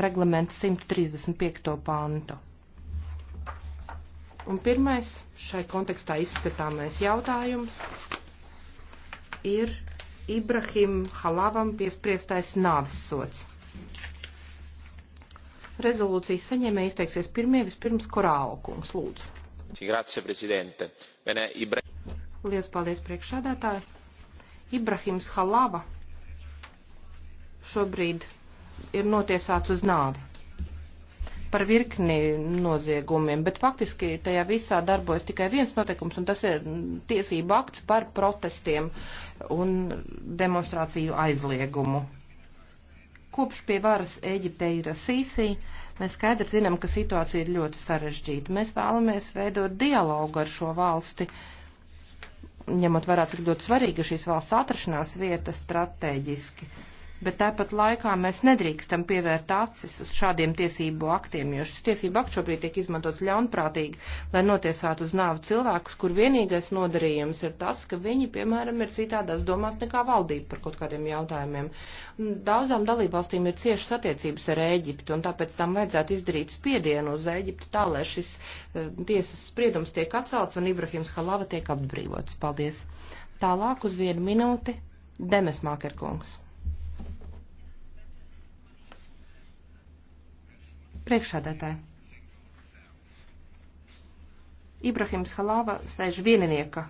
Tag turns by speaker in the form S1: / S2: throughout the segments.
S1: reglamentu 135. pantu. Un pirmais šai kontekstā izskatāmais jautājums ir Ibrahim Halavam piespriestais nāves sots. Rezolūcijas saņēmē izteiksies pirmie vispirms Korāo kungs, lūdzu.
S2: Grazie, prezidente. Bene, Ibra...
S1: Lies paldies priekšādātāji. Ibrahims Halava šobrīd ir notiesāts uz nāvi par virkni noziegumiem, bet faktiski tajā visā darbojas tikai viens noteikums, un tas ir tiesība akts par protestiem un demonstrāciju aizliegumu. Kopš pie varas Eģipte ir Sīsī, mēs skaidri zinām, ka situācija ir ļoti sarežģīta. Mēs vēlamies veidot dialogu ar šo valsti, ņemot vērā, cik ļoti svarīga šīs valsts atrašanās vieta strateģiski. Uh, bet tāpat laikā mēs nedrīkstam pievērt acis uz šādiem tiesību aktiem, jo šis tiesību akts šobrīd tiek izmantots ļaunprātīgi, lai notiesātu uz nāvu cilvēkus, kur vienīgais nodarījums ir tas, ka viņi, piemēram, ir citādās domās nekā valdība par kaut kādiem jautājumiem. Daudzām dalībvalstīm ir ciešas attiecības ar Ēģiptu, un tāpēc tam vajadzētu izdarīt spiedienu uz Ēģiptu tā, lai šis uh, tiesas spriedums tiek atcelts un Ibrahims Halava tiek apbrīvots. Paldies! Tālāk uz vienu minūti Demes Mākerkungs. Priekšādātāji. Ibrahims Halāva sēž vieninieka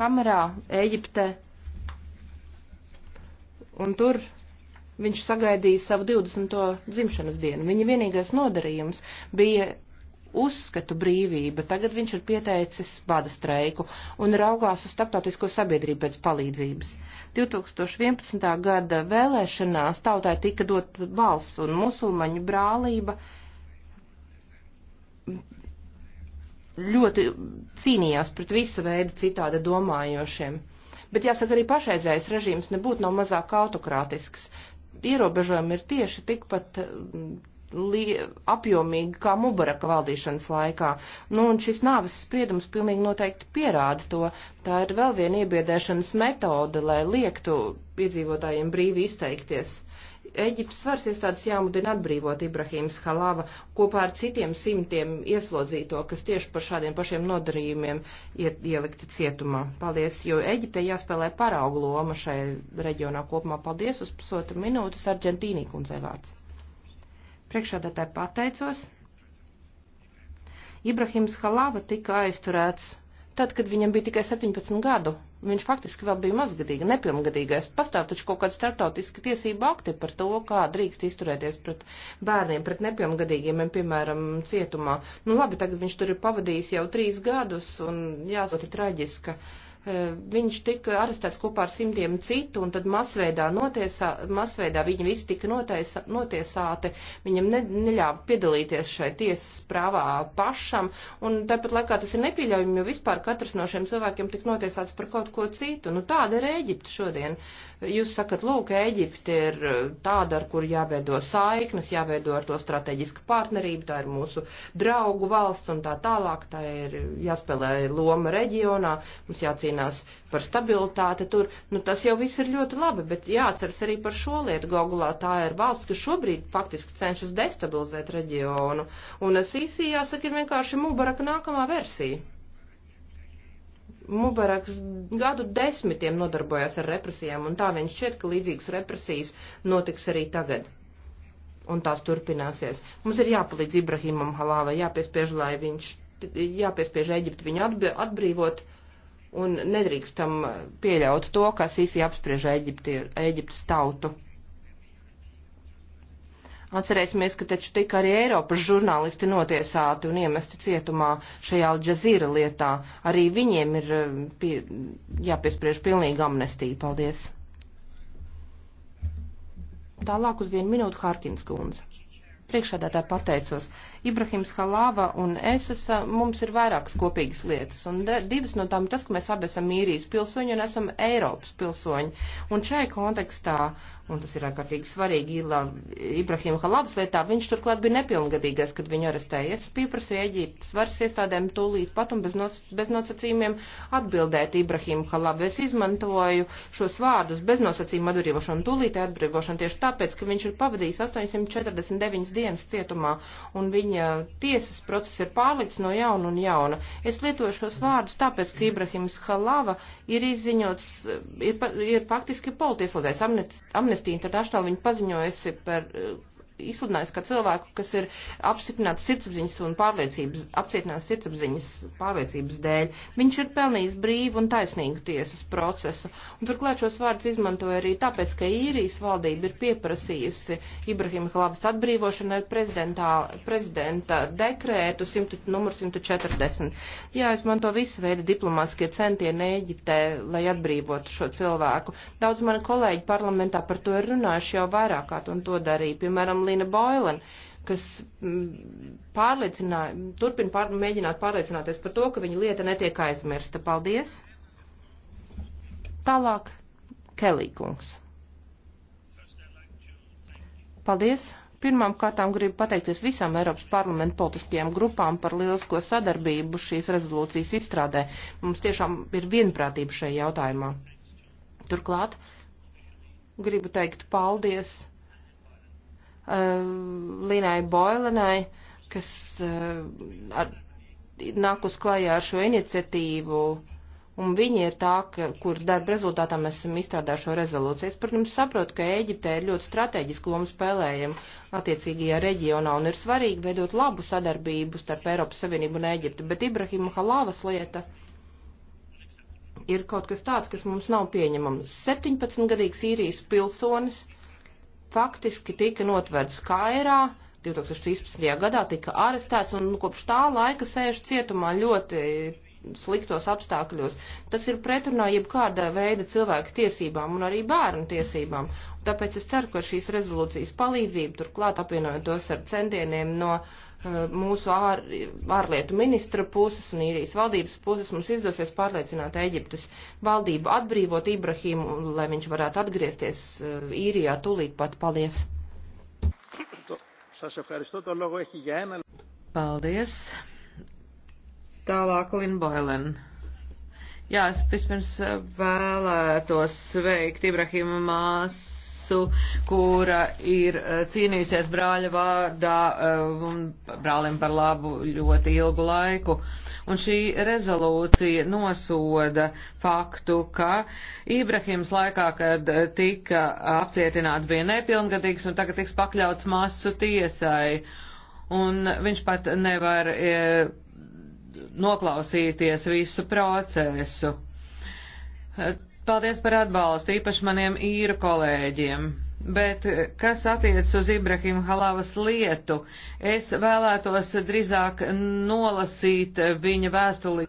S1: kamerā Ēģiptē, un tur viņš sagaidīja savu 20. dzimšanas dienu. Viņa vienīgais nodarījums bija uzskatu brīvība. Tagad viņš ir pieteicis bada streiku un raugās uz starptautisko sabiedrību pēc palīdzības. 2011. gada vēlēšanās tautai tika dot balss un musulmaņu brālība ļoti cīnījās pret visa veida citāda domājošiem. Bet jāsaka, arī pašreizējais režīms nebūtu nav mazāk autokrātisks. Ierobežojumi ir tieši tikpat apjomīgi kā Mubaraka valdīšanas laikā. Nu, un šis nāves spriedums pilnīgi noteikti pierāda to. Tā ir vēl viena iebiedēšanas metode, lai liektu iedzīvotājiem brīvi izteikties. Eģiptes varas iestādes jāmudina atbrīvot Ibrahīms Halava kopā ar citiem simtiem ieslodzīto, kas tieši par šādiem pašiem nodarījumiem ielikti cietumā. Paldies, jo Eģiptei jāspēlē paraugu loma šai reģionā kopumā. Paldies uz pusotru minūtes Argentīnī kundzei vārds. Priekšādātāji pateicos. Ibrahims Halava tika aizturēts tad, kad viņam bija tikai 17 gadu. Viņš faktiski vēl bija mazgadīga, nepilngadīgais. Pastāv taču kaut kāda startautiska tiesība akti par to, kā drīkst izturēties pret bērniem, pret nepilngadīgiem, piemēram, cietumā. Nu labi, tagad viņš tur ir pavadījis jau trīs gadus un jāsaka, traģiska. Uh, Eh, viņš tika arestēts kopā ar simtiem citu, un tad masveidā, notiesā, masveidā viņi visi tika notiesā, notiesāti, viņam ne, neļāva piedalīties šai tiesas prāvā pašam, un tāpat laikā tas ir nepieļaujami, jo vispār katrs no šiem cilvēkiem tik notiesāts par kaut ko citu. Nu tāda ir Ēģipta šodien. Jūs sakat, lūk, Ēģipte ir e, tāda, ar kur jāveido saiknes, jāveido ar to strateģiska partnerība, tā ir mūsu draugu valsts un tā tālāk, tā ir jāspēlē loma reģionā, mums jācīnās par stabilitāti tur. Nu, tas jau viss ir ļoti labi, bet jāatceras arī par šo lietu. Gogulā tā ir valsts, kas šobrīd faktiski cenšas destabilizēt reģionu. Un Sīsī, jāsaka, ir vienkārši Mubaraka nākamā versija. Mubaraks gadu desmitiem nodarbojās ar represijām, un tā viņš šķiet, ka līdzīgas represijas notiks arī tagad. Un tās turpināsies. Mums ir jāpalīdz Ibrahimam Halāvai, jāpiespiež, lai viņš, jāpiespiež Eģipti viņu atb atbrīvot, un nedrīkstam pieļaut to, kas īsi apspriež Eģipti, Eģiptes tautu. Atcerēsimies, ka taču tika arī Eiropas žurnālisti notiesāti un iemesti cietumā šajā Alžazīra lietā. Arī viņiem ir eh, pie, jāpiespriež pilnīga amnestija. Paldies! Tālāk uz vienu minūtu Harkins kundze. Priekšādātā pateicos, Ibrahims Halāva un es, es mums ir vairākas kopīgas lietas, un de, divas no tām ir tas, ka mēs abi esam īrijas pilsoņi un esam Eiropas pilsoņi. Un šai kontekstā un tas ir ārkārtīgi svarīgi. Ibrahima Halabas lietā viņš turklāt bija nepilngadīgais, kad viņu arestēja. Es pieprasīju Eģiptes varas iestādēm tūlīt pat un bez, nos, bez nosacījumiem atbildēt Ibrahima Halabu. Es izmantoju šos vārdus bez nosacījuma atbrīvošanu, tūlīt atbrīvošanu tieši tāpēc, ka viņš ir pavadījis 849 dienas cietumā un viņa tiesas process ir pārlicis no jauna un jauna. Es lietoju šos vārdus tāpēc, ka Ibrahims Halava ir izziņots, ir, ir faktiski politieslodēs. Amnest, amnest Amnesty International viņa paziņojusi par eh, izsludinājis, ka cilvēku, kas ir apstiprināts sirdsapziņas un pārliecības, apstiprināts sirdsapziņas pārliecības dēļ, viņš ir pelnījis brīvu un taisnīgu tiesas procesu. Un turklāt šos vārdus izmantoja arī tāpēc, ka īrijas valdība ir pieprasījusi Ibrahima Hlavas atbrīvošanu ar prezidenta dekrētu 100, numur 140. Jāizmanto visi veidi diplomātskie centieni Eģiptē, lai atbrīvotu šo cilvēku. Daudz mani kolēģi parlamentā par to ir runājuši jau vairāk kārt un to darīja. Piemēram, Lina Boylan, kas mm, pārliecināja, turpina pār, mēģināt pārliecināties par to, ka viņa lieta netiek aizmirsta. Paldies! Tālāk Kelīkungs. Paldies! Pirmām kārtām gribu pateikties visām Eiropas parlamenta politiskajām grupām par lielisko sadarbību šīs rezolūcijas izstrādē. Mums tiešām ir vienprātība šajā jautājumā. Turklāt gribu teikt paldies Uh, Linai Boilenai, kas uh, ar, nāk uz klājā ar šo iniciatīvu, un viņi ir tā, ka, kuras darba rezultātā mēs esam izstrādājuši šo rezolūciju. Es, protams, saprotu, ka Ēģiptē ir ļoti strateģiski lomu spēlējama attiecīgajā reģionā, un ir svarīgi veidot labu sadarbību starp Eiropas Savienību un Ēģiptu, bet Ibrahima Halāvas lieta ir kaut kas tāds, kas mums nav pieņemams. 17 gadīgs īrijas pilsonis faktiski tika notverts Kairā, 2013. gadā tika arestēts un kopš tā laika sēž cietumā ļoti sliktos apstākļos. Tas ir pretrunā jebkāda veida cilvēka tiesībām un arī bērnu tiesībām. Un tāpēc es ceru, ka šīs rezolūcijas palīdzību, turklāt apvienojot tos ar centieniem no uh, Eh, mūsu ār, ārlietu ministra puses un īrijas valdības puses mums izdosies pārliecināt Eģiptes valdību atbrīvot Ibrahimu, lai viņš varētu atgriezties eh, īrijā tūlīt pat. Paldies!
S3: Paldies! Tālāk Linboilen. Jā, es pirms eh, vēlētos sveikt Ibrahima māsu visu, kura ir e, cīnījusies brāļa vārdā e, un brālim par labu ļoti ilgu laiku. Un šī rezolūcija nosoda faktu, ka Ibrahims laikā, kad tika apcietināts, bija nepilngadīgs un tagad tiks pakļauts masu tiesai. Un viņš pat nevar e, noklausīties visu procesu. Paldies par atbalstu īpaši maniem īru kolēģiem. Bet eh, kas attiecas uz Ibrahima Halavas lietu, es vēlētos drīzāk nolasīt eh, viņa vēstuli.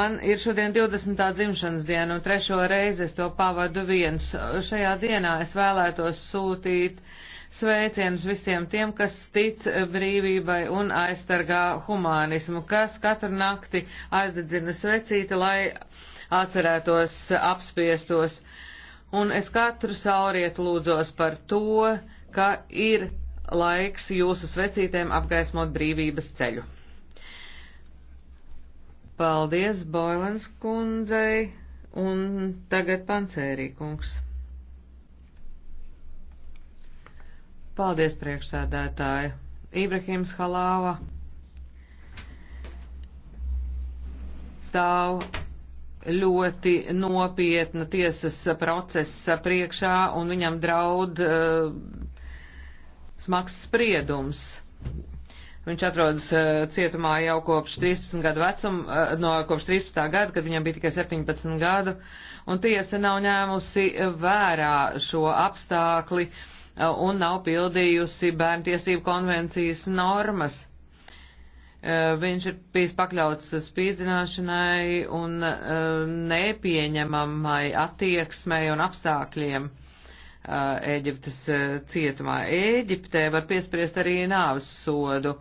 S3: Man ir šodien 20. dzimšanas diena, un trešo reizi es to pavadu viens. Šajā dienā es vēlētos sūtīt sveicienus visiem tiem, kas tic brīvībai un aizstargā humānismu, kas katru nakti aizdedzina svecīti, lai atcerētos apspiestos. Un es katru saurietu lūdzos par to, ka ir laiks jūsu svecītēm apgaismot brīvības ceļu. Paldies Boilens kundzei un tagad pancērī kungs. Paldies priekšsēdētāju. Ibrahims Halāva stāv ļoti nopietna tiesas procesa priekšā un viņam draud uh, smags spriedums. Viņš atrodas uh, cietumā jau kopš 13 gadu vecuma, uh, eh, no kopš 13. gada, kad viņam bija tikai 17 gadu, un tiesa nav ņēmusi vērā šo apstākli uh, un nav pildījusi bērntiesību konvencijas normas Eh, viņš ir bijis pakļauts spīdzināšanai un eh, nepieņemamai attieksmei un apstākļiem Ēģiptes eh, cietumā. Ēģiptē var piespriest arī nāves sodu.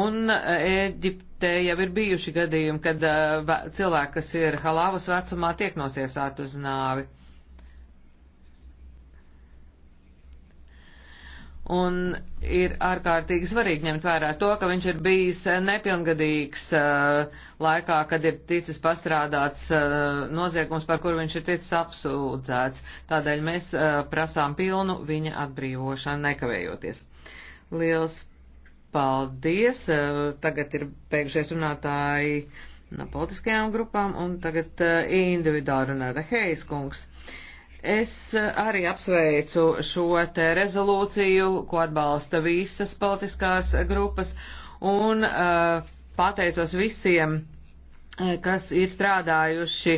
S3: Un Ēģiptē jau ir bijuši gadījumi, kad cilvēki, kas ir halāvas vecumā, tiek notiesāti uz nāvi. Un ir ārkārtīgi svarīgi ņemt vērā to, ka viņš ir bijis nepilngadīgs uh, laikā, kad ir ticis pastrādāts uh, noziegums, par kuru viņš ir ticis apsūdzēts. Tādēļ mēs uh, prasām pilnu viņa atbrīvošanu nekavējoties. Liels paldies! Tagad ir beigšies runātāji no politiskajām grupām, un tagad individuāli runāta Heiskungs. kungs. Es arī apsveicu šo te rezolūciju, ko atbalsta visas politiskās grupas, un uh, pateicos visiem, uh, kas ir strādājuši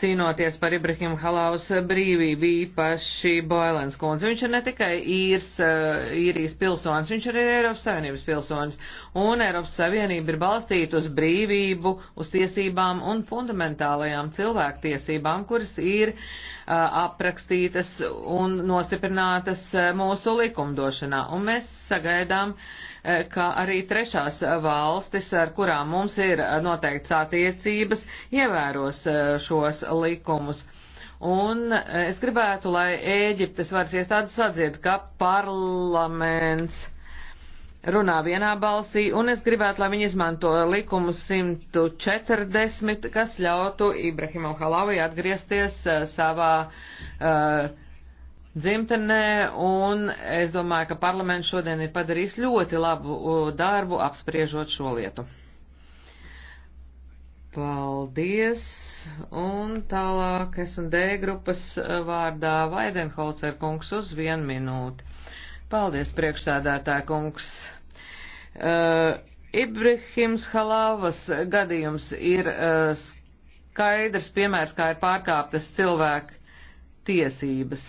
S3: cīnoties par Ibrahim Halaus brīvību, īpaši Boilens kundze. Viņš ir ne tikai īrs, uh, īrijas pilsonis, viņš arī ir Eiropas Savienības pilsonis. Un Eiropas Savienība ir balstīta uz brīvību, uz tiesībām un fundamentālajām cilvēktiesībām, kuras ir uh, aprakstītas un nostiprinātas mūsu likumdošanā. Un mēs sagaidām, ka arī trešās valstis, ar kurām mums ir noteikts attiecības, ievēros šos likumus. Un es gribētu, lai Ēģiptes varas iestādes sadzied, ka parlaments uh, runā vienā balsī, un es gribētu, lai viņi izmanto likumu 140, kas ļautu Ibrahimam Halavai atgriezties uh, savā uh, dzimtenē, un es domāju, ka parlaments šodien ir padarījis ļoti labu uh, darbu apspriežot šo lietu. Paldies, un tālāk es un D grupas vārdā Vaidenholcer kungs uz vienu minūti. Paldies, priekšsēdētāja kungs. Uh, Ibrahims Halavas gadījums ir uh, skaidrs piemērs, kā ir pārkāptas cilvēku tiesības.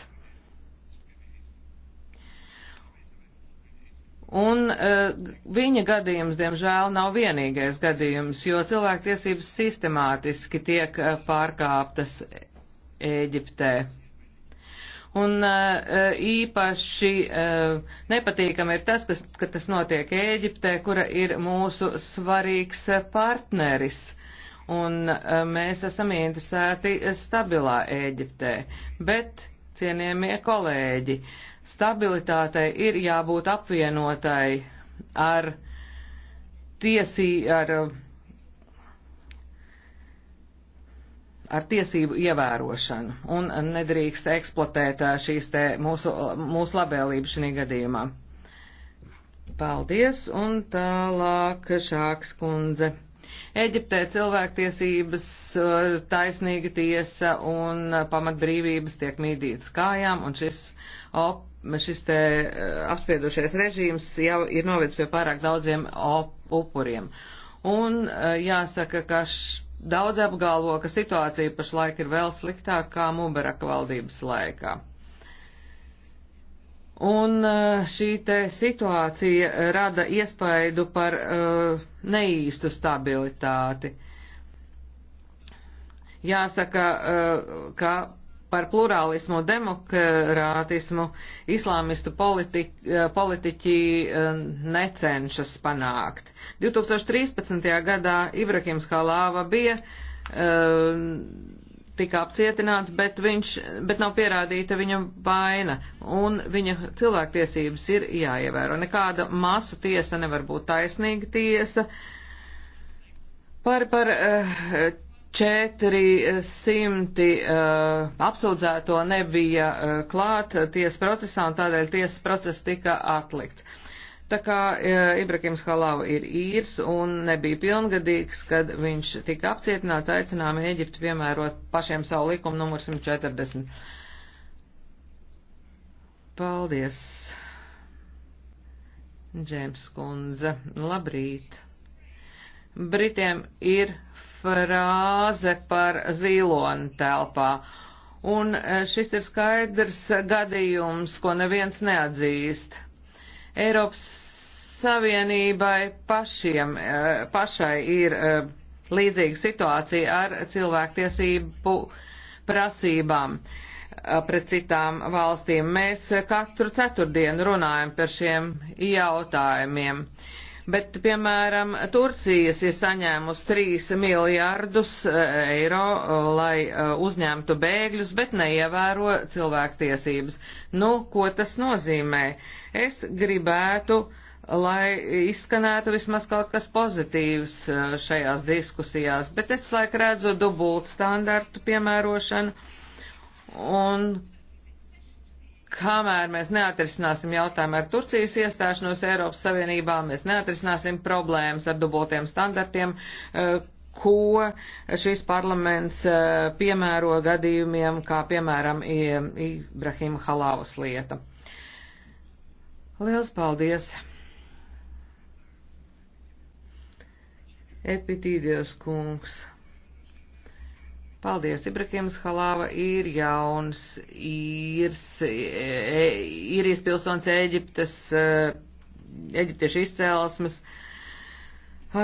S3: Un uh, viņa gadījums, diemžēl, nav vienīgais gadījums, jo cilvēktiesības sistemātiski tiek uh, pārkāptas Ēģiptē. Un eh, īpaši eh, nepatīkami ir tas, kas, ka tas notiek Ēģiptē, kura ir mūsu svarīgs partneris. Un eh, mēs esam interesēti stabilā Ēģiptē. Bet, cienījamie kolēģi, stabilitātei ir jābūt apvienotai ar tiesī, ar ar tiesību ievērošanu un nedrīkst eksploatēt šīs te mūsu, mūsu labēlību šī gadījumā. Paldies, un tālāk Šāks kundze. Eģiptē cilvēktiesības, taisnīga tiesa un pamatbrīvības tiek mīdītas kājām, un šis, op, šis te apspiedušais režīms jau ir novedis pie pārāk daudziem op, upuriem. Un jāsaka, ka š, Daudz apgalvo, ka situācija pašlaik ir vēl sliktākā Mubaraka valdības laikā. Un eh, šī te situācija rada iespaidu par uh, neīstu stabilitāti. Jāsaka, uh, ka par plurālismu, demokrātismu islāmistu politi eh, politiķi eh, necenšas panākt. 2013. gadā Ibrahims Halāva bija um, tika apcietināts, bet, viņš, bet nav pierādīta viņa vaina, un viņa cilvēktiesības ir jāievēro. Nekāda masu tiesa nevar būt taisnīga tiesa. Par, par uh, 400 uh, eh, apsūdzēto nebija uh, klāt tiesas procesā un tādēļ tiesas process tika atlikts. Tā kā uh, eh, Ibrakims Halava ir īrs un nebija pilngadīgs, kad viņš tika apcietināts, aicinām Ēģiptu piemērot pašiem savu likumu numur 140. Paldies, Džēms Kundze. Labrīt. Britiem ir frāze par zīloni telpā. Un e, šis ir skaidrs gadījums, ko neviens neatzīst. Eiropas Savienībai pašiem, e, pašai ir e, līdzīga situācija ar cilvēktiesību prasībām pret citām valstīm. Mēs katru ceturtdienu runājam par šiem jautājumiem. Uh, Bet, piemēram, Turcijas ir saņēmusi 3 miljārdus eh, eiro, lai eh, uzņemtu bēgļus, bet neievēro cilvēktiesības. Nu, ko tas nozīmē? Es gribētu, lai izskanētu vismaz kaut kas pozitīvs eh, šajās diskusijās, bet es laik redzu dubult standartu piemērošanu un kamēr mēs neatrisināsim jautājumu ar Turcijas iestāšanos Eiropas Savienībā, mēs neatrisināsim problēmas ar dubultiem standartiem, eh, ko šis parlaments eh, piemēro gadījumiem, kā piemēram Ibrahima Halavas lieta. Liels paldies! Epitīdijos kungs. Paldies, Ibrahims Halāva ir jauns īrs, e, īrijas pilsons Eģiptes, e, eģiptiešu izcēlesmes.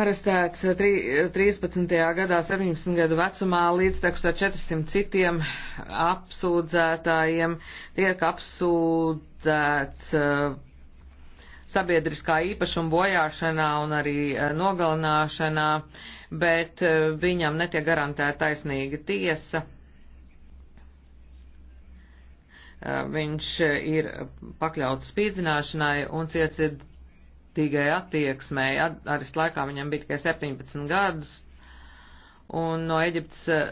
S3: Arestēts 13. gadā, 17 gadu vecumā, līdz tekstā 400 citiem apsūdzētājiem tiek apsūdzēts e, sabiedriskā īpašuma bojāšanā un arī nogalināšanā. Uh, bet eh, viņam netiek garantēta taisnīga tiesa. Eh, viņš ir pakļauts spīdzināšanai un cietsirdīgai attieksmēji. Arist laikā viņam bija tikai 17 gadus, un no Eģiptes eh,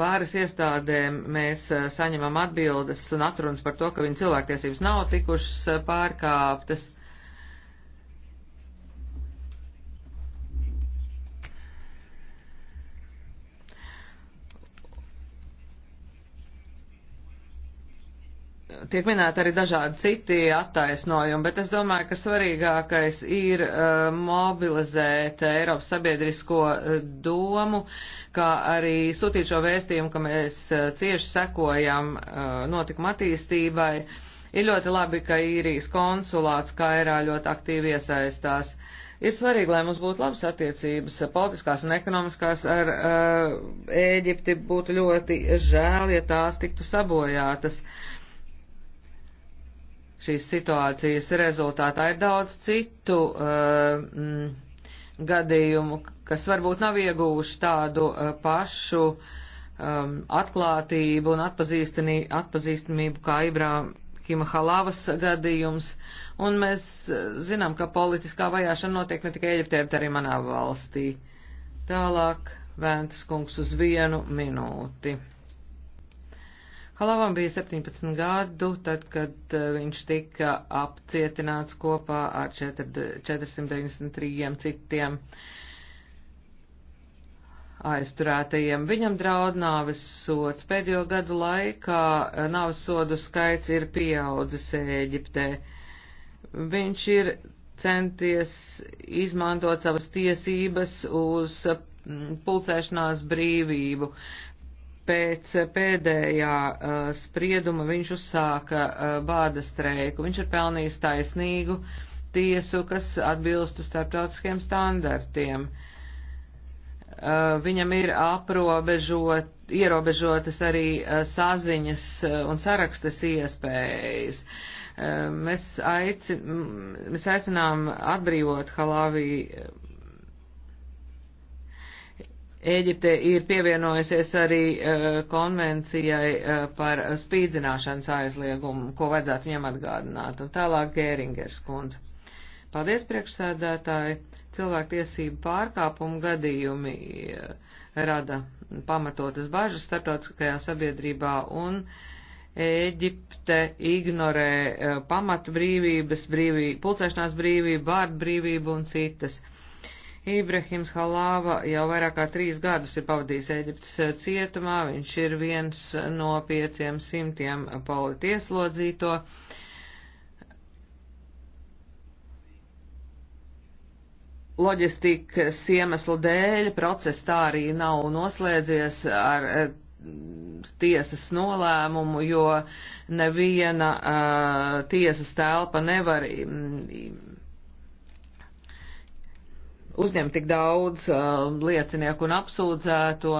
S3: vāras iestādēm mēs saņemam atbildes un atrunas par to, ka viņa cilvēktiesības nav tikušas pārkāptas. tiek minēti arī dažādi citi attaisnojumi, bet es domāju, ka svarīgākais ir uh, mobilizēt Eiropas sabiedrisko uh, domu, kā arī sūtīt šo vēstījumu, ka mēs uh, cieši sekojam uh, notikuma attīstībai. Ir ļoti labi, ka īrijas konsulāts Kairā ļoti aktīvi iesaistās. Ir svarīgi, lai mums būtu labas attiecības, politiskās un ekonomiskās ar uh, Ēģipti. Būtu ļoti žēl, ja tās tiktu sabojātas. Uh, šīs situācijas rezultātā ir daudz citu uh, m, mm, gadījumu, kas varbūt nav ieguvuši tādu uh, pašu um, atklātību un atpazīstamību kā Ibrahima Halavas gadījums, un mēs uh, zinām, ka politiskā vajāšana notiek ne tikai Eģiptē, bet arī manā valstī. Tālāk Ventas kungs uz vienu minūti. Halavam bija 17 gadu, tad, kad eh, viņš tika apcietināts kopā ar 493 citiem aizturētajiem. Viņam draud nāves sots. Pēdējo gadu laikā eh, nāves sodu skaits ir pieaudzis Ēģiptē. Viņš ir centies izmantot savas tiesības uz mm, pulcēšanās brīvību pēc pēdējā uh, sprieduma viņš uzsāka uh, bāda streiku. Viņš ir pelnījis taisnīgu tiesu, kas atbilstu starptautiskiem standartiem. Uh, viņam ir aprobežot, ierobežotas arī uh, saziņas uh, un sarakstas iespējas. Uh, mēs, aicin, mēs aicinām atbrīvot Halaviju Ēģipte ir pievienojusies arī uh, konvencijai uh, par spīdzināšanas aizliegumu, ko vajadzētu viņam atgādināt. Un tālāk Gēringers kundze. Paldies, priekšsēdētāji! Cilvēktiesību pārkāpumu gadījumi uh, rada pamatotas bažas starptautiskajā sabiedrībā un Ēģipte ignorē pamatbrīvības, brīvī, pulcēšanās brīvību, vārdu brīvību un citas. Uh, Ibrahims Halāva jau vairāk kā trīs gadus ir pavadījis Eģiptes eh, cietumā, viņš ir viens no pieciem simtiem politieslodzīto. Loģistikas iemeslu dēļ process tā arī nav noslēdzies ar eh, tiesas nolēmumu, jo neviena uh, tiesas telpa nevar mm, uzņemt tik daudz uh, liecinieku un apsūdzēto.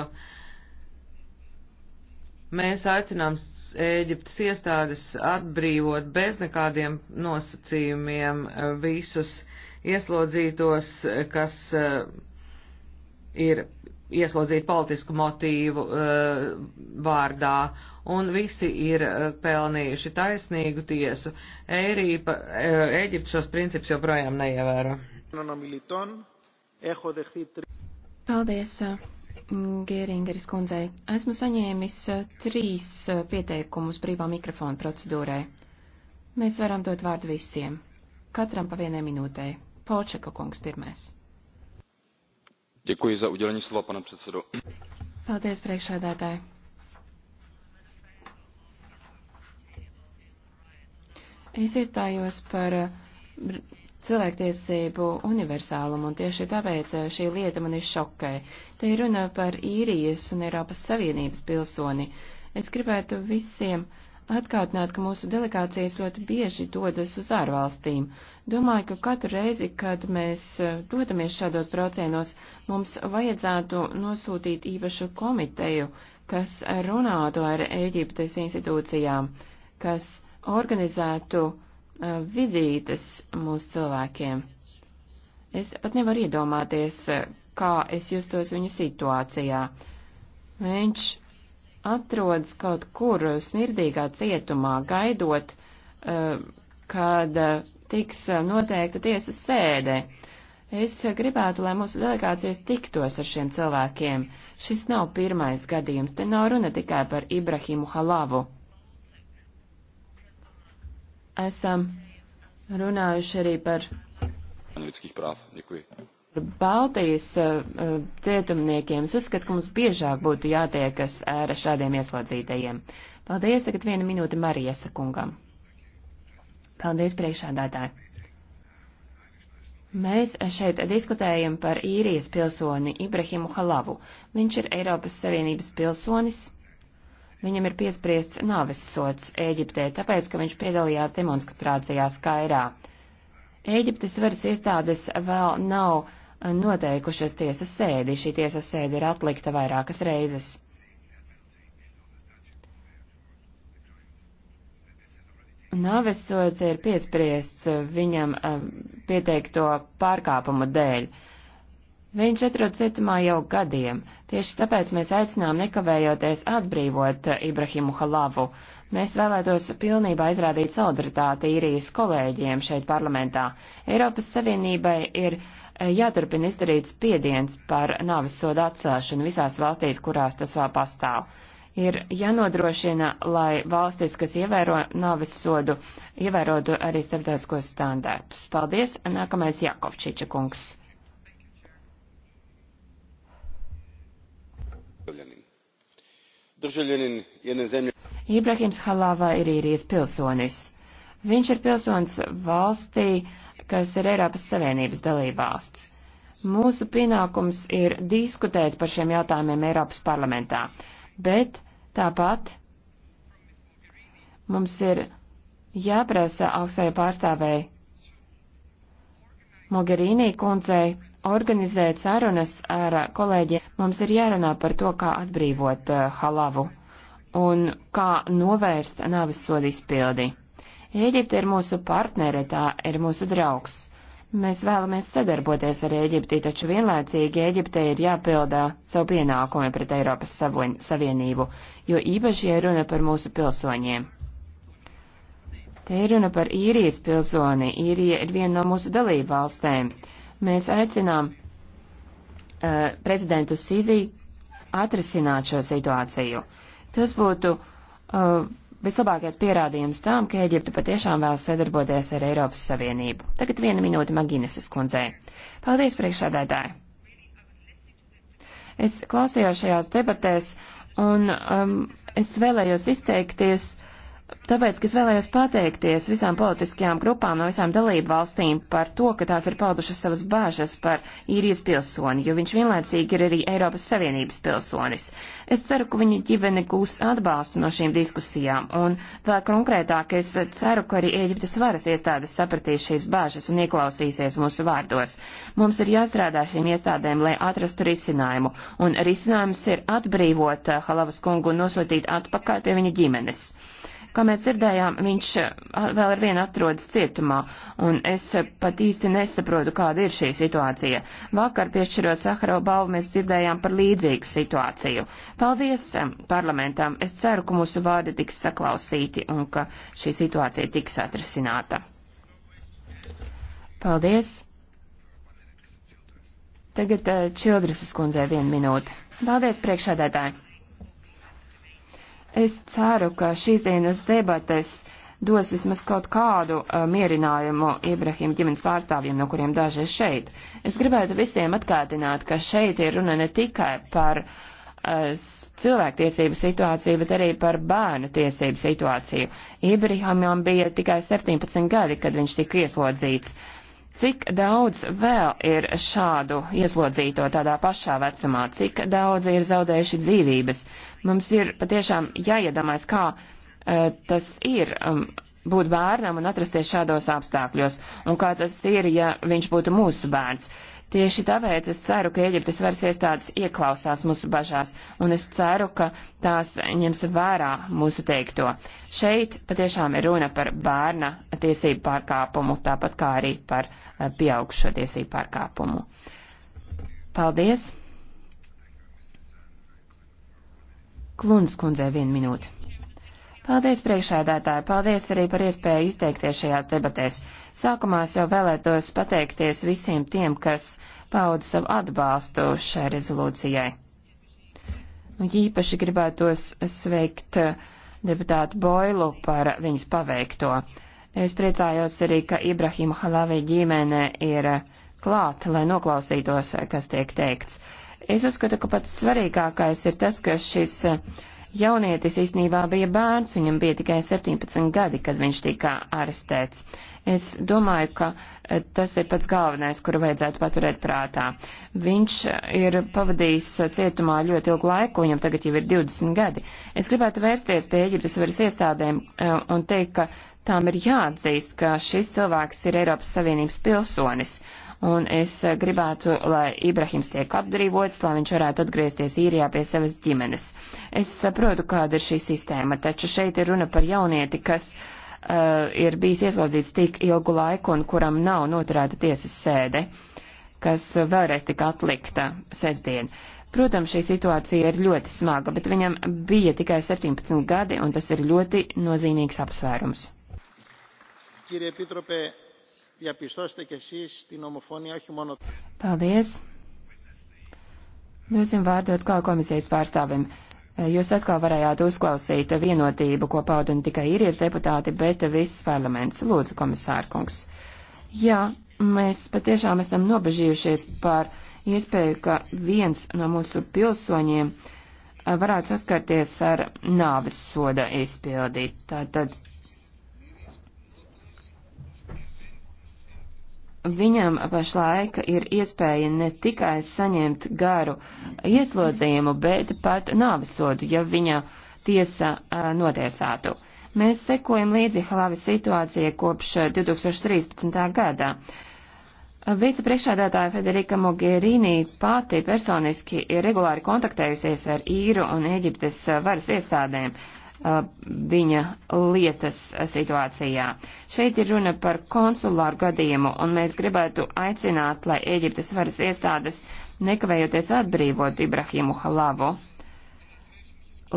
S3: Mēs aicinām Ēģiptes iestādes atbrīvot bez nekādiem nosacījumiem uh, visus ieslodzītos, kas uh, ir ieslodzīti politisku motīvu uh, vārdā, un visi ir uh, pelnījuši taisnīgu tiesu. Ērīpa, uh, Ēģipte šos principus joprojām neievēro. No, no militon. Paldies,
S2: uh, Gēringeris kundzei. Esmu saņēmis uh, trīs uh, pieteikumus brīvā mikrofona procedūrai. Mēs varam dot vārdu visiem. Katram pa vienai minūtei. Polčeka kungs pirmais.
S1: Děkuji za udělení slova,
S3: pane předsedo.
S2: Paldies, priekšādātāji. Es iestājos par cilvēktiesību universālumu, un tieši tāpēc eh, šī lieta mani šokē. Te ir runa par īrijas un Eiropas Savienības pilsoni. Es gribētu visiem atkārtināt, ka mūsu delegācijas ļoti bieži dodas uz ārvalstīm. Domāju, ka katru reizi, kad mēs eh, dodamies šādos braucienos, mums vajadzētu nosūtīt īpašu komiteju, kas runātu ar Ēģiptes institūcijām, kas organizētu uh, Uh, vizītes mūsu cilvēkiem. Es pat nevaru iedomāties, uh, kā es justos viņa situācijā. Viņš atrodas kaut kur smirdīgā cietumā, gaidot, uh, kad tiks noteikta tiesas sēde. Es gribētu, lai mūsu delegācijas tiktos ar šiem cilvēkiem. Šis nav pirmais gadījums, te nav runa tikai par Ibrahimu Halavu esam runājuši arī par Baltijas uh, cietumniekiem. Es uzskatu, ka mums biežāk būtu jātiekas ar šādiem ieslodzītajiem. Paldies, tagad viena minūte Marijas kungam. Paldies, priekšādātāji. Mēs šeit diskutējam par īrijas pilsoni Ibrahimu Halavu. Viņš ir Eiropas Savienības pilsonis, Viņam ir piespriests nāves sots Ēģiptē, tāpēc, ka viņš piedalījās demonstrācijā Skairā. Ēģiptes varas iestādes vēl nav noteikušas tiesas sēdi. Šī tiesas sēde ir atlikta vairākas reizes. Nāvesots ir piespriests viņam eh, pieteikto pārkāpumu dēļ. Uh, Viņš atrodas cietumā jau gadiem, tieši tāpēc mēs aicinām nekavējoties atbrīvot Ibrahimu Halavu. Mēs vēlētos pilnībā izrādīt solidaritāti īrijas kolēģiem šeit parlamentā. Eiropas Savienībai ir eh, jāturpina izdarīt spiediens par nāves sodu atcelšanu visās valstīs, kurās tas vēl pastāv. Ir jānodrošina, lai valstis, kas ievēro nāves sodu, ievērotu arī starptautiskos standārtus. Paldies, nākamais Jakovčiča kungs.
S3: državljanin jedne zemlje.
S2: Ibrahims Halava ir īrijas pilsonis. Viņš ir pilsonis valstī, kas ir Eiropas Savienības dalībvalsts. Mūsu pienākums ir diskutēt par šiem jautājumiem Eiropas parlamentā, bet tāpat mums ir jāprasa augstajai pārstāvēji Mogherīnī kundzei organizēt sarunas ar kolēģiem, mums ir jārunā par to, kā atbrīvot eh, halavu un kā novērst nāvis sodu izpildi. Ēģipte ir mūsu partnere, tā ir mūsu draugs. Mēs vēlamies sadarboties ar Ēģipti, taču vienlaicīgi Ēģipte ir jāpildā savu pienākumu pret Eiropas Savienību, jo īpaši ir runa par mūsu pilsoņiem. Te ir runa par īrijas pilsoni. Īrija ir viena no mūsu dalību valstēm. Mēs aicinām uh, prezidentu Sīzī atrisināt šo situāciju. Tas būtu uh, vislabākais pierādījums tam, ka Eģipte patiešām vēlas sadarboties ar Eiropas Savienību. Tagad viena minūte Magineses kundzei. Paldies, priekšādētāji! Es klausījos šajās debatēs un um, es vēlējos izteikties Tāpēc, ka es vēlējos pateikties visām politiskajām grupām no visām dalību valstīm par to, ka tās ir paudušas savas bāžas par īrijas pilsoni, jo viņš vienlaicīgi ir arī Eiropas Savienības pilsonis. Es ceru, ka viņa ģimene gūs atbalstu no šīm diskusijām, un vēl konkrētāk es ceru, ka arī Eģiptes varas iestādes sapratīs šīs bāžas un ieklausīsies mūsu vārdos. Mums ir jāstrādā šīm iestādēm, lai atrastu risinājumu, un risinājums ir atbrīvot eh, Halavas kungu un nosūtīt atpakaļ pie viņa ģimenes. Kā mēs dzirdējām, viņš eh, vēl ar vienu atrodas cietumā, un es pat īsti nesaprotu, kāda ir šī situācija. Vakar, piešķirot Saharo balvu, mēs dzirdējām par līdzīgu situāciju. Paldies eh, parlamentam! Es ceru, ka mūsu vārdi tiks saklausīti un ka šī situācija tiks atrasināta. Paldies! Tagad eh, Čildrisas kundzei vienu minūti. Paldies, priekšādētāji! Es ceru, ka šīs dienas debates dos vismaz kaut kādu uh, mierinājumu Ibrahim ģimenes pārstāvjiem, no kuriem daži ir šeit. Es gribētu visiem atkārtināt, ka šeit ir runa ne tikai par uh, cilvēktiesību situāciju, bet arī par bērnu tiesību situāciju. Ibrahamam bija tikai 17 gadi, kad viņš tika ieslodzīts. Uh, Cik daudz vēl ir šādu ieslodzīto tādā pašā vecumā, cik daudz ir zaudējuši dzīvības? Mums ir patiešām jāiedomājas, kā uh, tas ir um, būt bērnam un atrasties šādos apstākļos, un kā tas ir, ja viņš būtu mūsu bērns. Uh, Tieši tāpēc es ceru, ka Eģiptes varas iestādes ieklausās mūsu bažās, un es ceru, ka tās ņems vērā mūsu teikto. Šeit patiešām ir runa par bērna tiesību pārkāpumu, tāpat kā arī par eh, pieaugšo tiesību pārkāpumu. Paldies! Klundz kundzē vienu minūti. Paldies priekšēdētāji, paldies arī par iespēju izteikties šajās debatēs. Sākumā es jau vēlētos pateikties visiem tiem, kas pauda savu atbalstu šai rezolūcijai. Un īpaši gribētos sveikt eh, deputātu Boilu par viņas paveikto. Es priecājos arī, ka Ibrahima Halavī ģimene ir eh, klāt, lai noklausītos, kas tiek teikts. Es uzskatu, ka pats svarīgākais ir tas, ka šis uh, Jaunietis īstenībā bija bērns, viņam bija tikai 17 gadi, kad viņš tika arestēts. Es domāju, ka eh, tas ir pats galvenais, kuru vajadzētu paturēt prātā. Viņš eh, ir pavadījis eh, cietumā ļoti ilgu laiku, viņam tagad jau ir 20 gadi. Es gribētu vērsties pie Eģiptes varas iestādēm un teikt, ka tām ir jāatzīst, ka šis cilvēks ir Eiropas Savienības pilsonis un es gribētu, lai Ibrahims tiek apdrīvots, lai viņš varētu atgriezties īrijā pie savas ģimenes. Es saprotu, kāda ir šī sistēma, taču šeit ir runa par jaunieti, kas uh, ir bijis ieslodzīts tik ilgu laiku un kuram nav noturēta tiesas sēde, kas vēlreiz tika atlikta sestdien. Protams, šī situācija ir ļoti smaga, bet viņam bija tikai 17 gadi, un tas ir ļoti nozīmīgs apsvērums.
S3: Kīrie, Pitrope, διαπιστώσετε κι εσείς την ομοφωνία όχι μόνο...
S2: Paldies! Dosim vārdu atkal komisijas pārstāvim. Jūs atkal varējāt uzklausīt vienotību, ko pauda ne tikai īrijas deputāti, bet viss parlaments. Lūdzu, komisārkungs. Jā, mēs patiešām esam nobežījušies par iespēju, ka viens no mūsu pilsoņiem varētu saskarties ar nāves soda izpildi. Tātad Viņam pašlaik ir iespēja ne tikai saņemt garu ieslodzījumu, bet pat nāvisodu, ja viņa tiesa uh, notiesātu. Mēs sekojam līdzi Halavi situācijai kopš 2013. gadā. Vicepriekšādātāja Federika Mogherini pati personiski ir regulāri kontaktējusies ar īru un Eģiptes varas iestādēm. Uh, Uh, viņa lietas situācijā. Šeit ir runa par konsulāru gadījumu, un mēs gribētu aicināt, lai Ēģiptes varas iestādes nekavējoties atbrīvot Ibrahimu Halavu,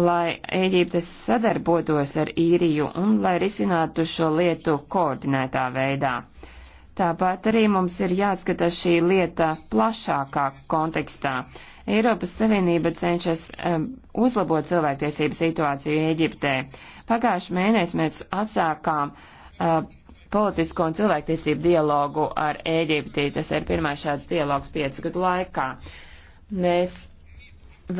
S2: lai Ēģiptes sadarbotos ar īriju un lai risinātu šo lietu koordinētā veidā. Tāpat arī mums ir jāskata šī lieta plašākā kontekstā. Eiropas Savienība cenšas um, uzlabot cilvēktiesību situāciju Eģiptē. Pagājuši mēnesi mēs atsākām uh, politisko un cilvēktiesību dialogu ar Eģipti. Tas ir pirmais šāds dialogs piecu gadu laikā. Mēs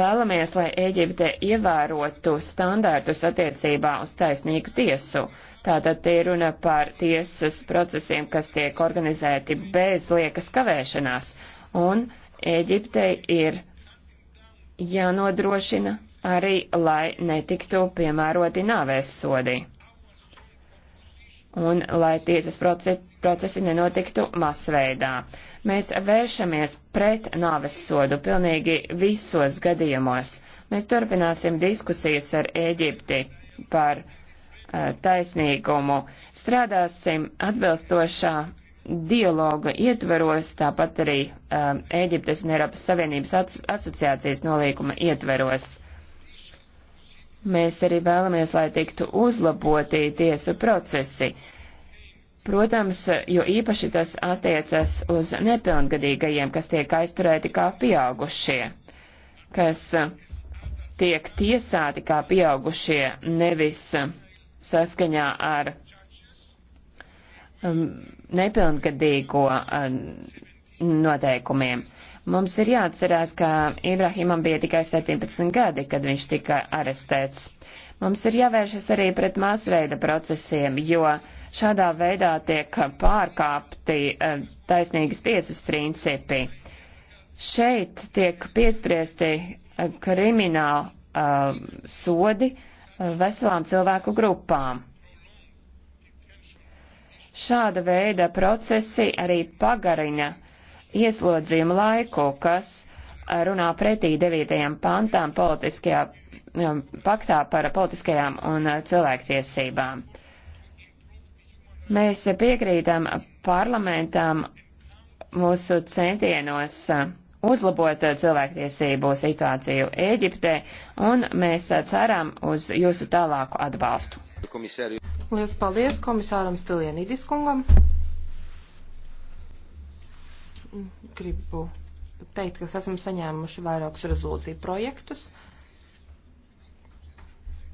S2: vēlamies, lai Eģipte ievērotu standārtus attiecībā uz taisnīgu tiesu. Uh, Tātad te ir runa par tiesas procesiem, kas tiek organizēti bez liekas kavēšanās. Un Ēģiptei ir jānodrošina arī, lai netiktu piemēroti nāvēs sodi. Un lai tiesas procesi, procesi nenotiktu masveidā. Mēs vēršamies pret nāves sodu pilnīgi visos gadījumos. Mēs turpināsim diskusijas ar Ēģipti par Eh, taisnīgumu. Strādāsim atbilstošā dialoga ietveros, tāpat arī um, Ēģiptes un Eiropas Savienības as asociācijas nolīguma ietveros. Mēs arī vēlamies, lai tiktu uzlaboti tiesu procesi. Protams, jo īpaši tas attiecas uz nepilngadīgajiem, kas tiek aizturēti kā pieaugušie, kas tiek tiesāti kā pieaugušie, nevis uh, saskaņā ar um, nepilngadīgo um, noteikumiem. Mums ir jāatcerās, ka Ibrahimam bija tikai 17 gadi, kad viņš tika arestēts. Mums ir jāvēršas arī pret masveida procesiem, jo šādā veidā tiek pārkāpti um, taisnīgas tiesas principi. Šeit tiek piespriesti um, krimināli uh, sodi, uh, veselām cilvēku grupām. Šāda veida procesi arī pagarina ieslodzījuma laiku, kas runā pretī 9. pantām politiskajā um, paktā par politiskajām un uh, cilvēktiesībām. Mēs piekrītam parlamentam mūsu centienos uh, uzlabot eh, cilvēktiesību situāciju Ēģiptē, un mēs eh, ceram uz jūsu tālāku atbalstu.
S3: Lielas
S1: paldies komisāram Stilienīdis kungam. Gribu teikt, ka esam saņēmuši vairākus rezolūciju projektus.